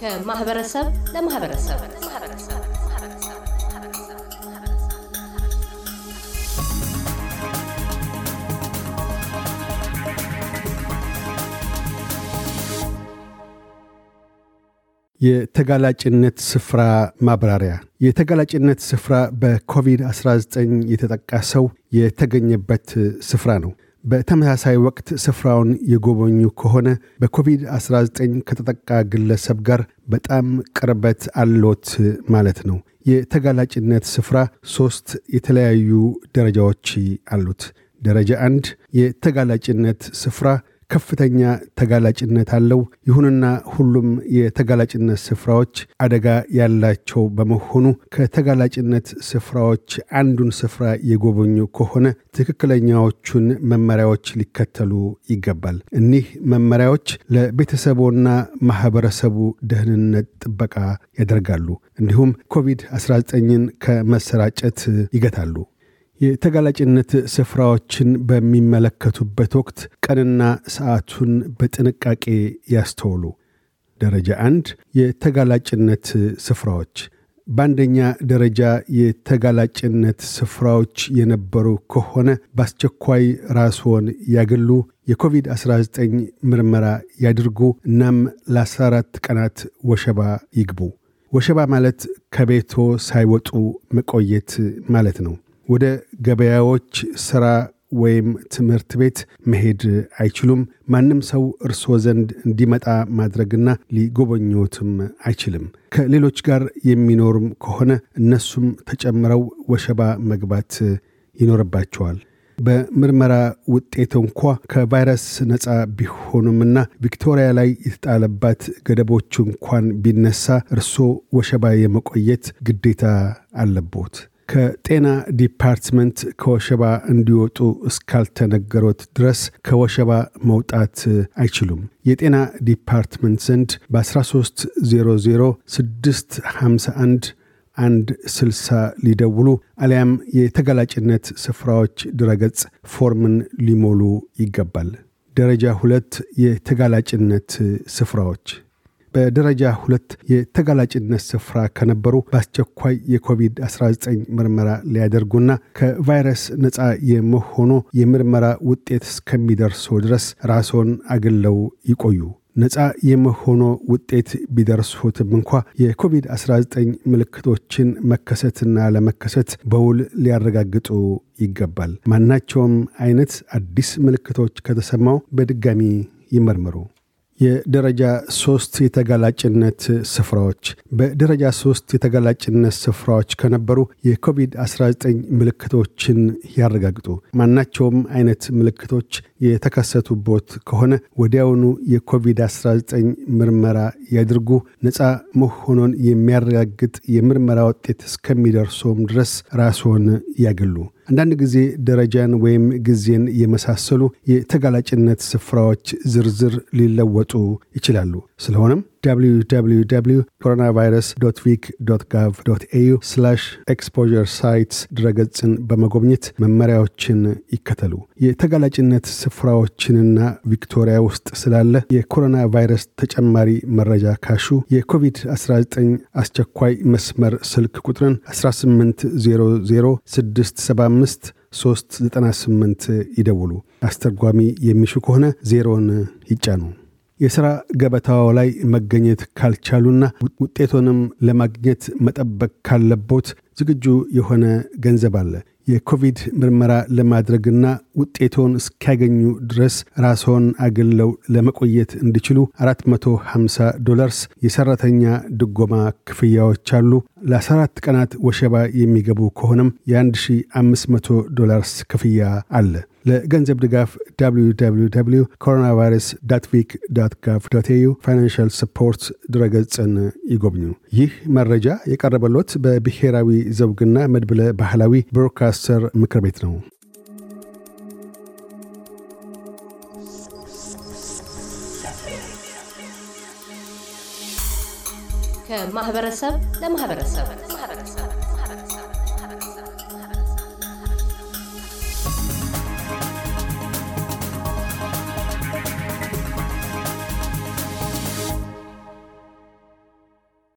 ከማህበረሰብ ለማህበረሰብ የተጋላጭነት ስፍራ ማብራሪያ የተጋላጭነት ስፍራ በኮቪድ-19 የተጠቃ ሰው የተገኘበት ስፍራ ነው በተመሳሳይ ወቅት ስፍራውን የጎበኙ ከሆነ በኮቪድ-19 ከተጠቃ ግለሰብ ጋር በጣም ቅርበት አሎት ማለት ነው የተጋላጭነት ስፍራ ሶስት የተለያዩ ደረጃዎች አሉት ደረጃ አንድ የተጋላጭነት ስፍራ ከፍተኛ ተጋላጭነት አለው። ይሁንና ሁሉም የተጋላጭነት ስፍራዎች አደጋ ያላቸው በመሆኑ ከተጋላጭነት ስፍራዎች አንዱን ስፍራ የጎበኙ ከሆነ ትክክለኛዎቹን መመሪያዎች ሊከተሉ ይገባል። እኒህ መመሪያዎች ለቤተሰቦና ማህበረሰቡ ደህንነት ጥበቃ ያደርጋሉ፣ እንዲሁም ኮቪድ-19ን ከመሰራጨት ይገታሉ። የተጋላጭነት ስፍራዎችን በሚመለከቱበት ወቅት ቀንና ሰዓቱን በጥንቃቄ ያስተውሉ። ደረጃ አንድ የተጋላጭነት ስፍራዎች በአንደኛ ደረጃ የተጋላጭነት ስፍራዎች የነበሩ ከሆነ በአስቸኳይ ራስዎን ያግሉ፣ የኮቪድ-19 ምርመራ ያድርጉ፣ እናም ለ14 ቀናት ወሸባ ይግቡ። ወሸባ ማለት ከቤቶ ሳይወጡ መቆየት ማለት ነው። ወደ ገበያዎች ሥራ ወይም ትምህርት ቤት መሄድ አይችሉም። ማንም ሰው እርሶ ዘንድ እንዲመጣ ማድረግና ሊጎበኞትም አይችልም። ከሌሎች ጋር የሚኖርም ከሆነ እነሱም ተጨምረው ወሸባ መግባት ይኖርባቸዋል። በምርመራ ውጤት እንኳ ከቫይረስ ነፃ ቢሆኑምና ቪክቶሪያ ላይ የተጣለባት ገደቦች እንኳን ቢነሳ እርሶ ወሸባ የመቆየት ግዴታ አለቦት። ከጤና ዲፓርትመንት ከወሸባ እንዲወጡ እስካልተነገሮት ድረስ ከወሸባ መውጣት አይችሉም። የጤና ዲፓርትመንት ዘንድ በ1300 651 አንድ 60 ሊደውሉ አሊያም የተጋላጭነት ስፍራዎች ድረገጽ ፎርምን ሊሞሉ ይገባል። ደረጃ ሁለት የተጋላጭነት ስፍራዎች በደረጃ ሁለት የተጋላጭነት ስፍራ ከነበሩ በአስቸኳይ የኮቪድ-19 ምርመራ ሊያደርጉና ከቫይረስ ነፃ የመሆኑ የምርመራ ውጤት እስከሚደርሶ ድረስ ራስዎን አግለው ይቆዩ። ነፃ የመሆኖ ውጤት ቢደርሱትም እንኳ የኮቪድ-19 ምልክቶችን መከሰትና ለመከሰት በውል ሊያረጋግጡ ይገባል። ማናቸውም አይነት አዲስ ምልክቶች ከተሰማው በድጋሚ ይመርመሩ። የደረጃ ሶስት የተጋላጭነት ስፍራዎች በደረጃ ሶስት የተጋላጭነት ስፍራዎች ከነበሩ የኮቪድ-19 ምልክቶችን ያረጋግጡ። ማናቸውም አይነት ምልክቶች የተከሰቱቦት ከሆነ ወዲያውኑ የኮቪድ-19 ምርመራ ያድርጉ። ነፃ መሆኖን የሚያረጋግጥ የምርመራ ውጤት እስከሚደርሶም ድረስ ራስዎን ያገሉ። አንዳንድ ጊዜ ደረጃን ወይም ጊዜን የመሳሰሉ የተጋላጭነት ስፍራዎች ዝርዝር ሊለወጡ ይችላሉ። ስለሆነም www.coronavirus.wic.gov.au exposure sites ድረገጽን በመጎብኘት መመሪያዎችን ይከተሉ። የተጋላጭነት ስፍራዎችንና ቪክቶሪያ ውስጥ ስላለ የኮሮና ቫይረስ ተጨማሪ መረጃ ካሹ የኮቪድ-19 አስቸኳይ መስመር ስልክ ቁጥርን 1800 675 398 ይደውሉ። አስተርጓሚ የሚሹ ከሆነ ዜሮን ይጫኑ። የሥራ ገበታው ላይ መገኘት ካልቻሉና ውጤቱንም ለማግኘት መጠበቅ ካለቦት ዝግጁ የሆነ ገንዘብ አለ። የኮቪድ ምርመራ ለማድረግና ውጤቶን እስኪያገኙ ድረስ ራስዎን አግለው ለመቆየት እንዲችሉ 450 ዶላርስ የሰራተኛ ድጎማ ክፍያዎች አሉ። ለ14 ቀናት ወሸባ የሚገቡ ከሆነም የ1500 ዶላርስ ክፍያ አለ። ለገንዘብ ድጋፍ www ኮሮና ቫይረስ ቪክ ጋቭ ኤዩ ፋይናንሻል ሰፖርት ድረገጽን ይጎብኙ። ይህ መረጃ የቀረበሎት በብሔራዊ ዘውግና መድብለ ባህላዊ ብሮድካስተር ምክር ቤት ነው። ከማህበረሰብ ለማህበረሰብ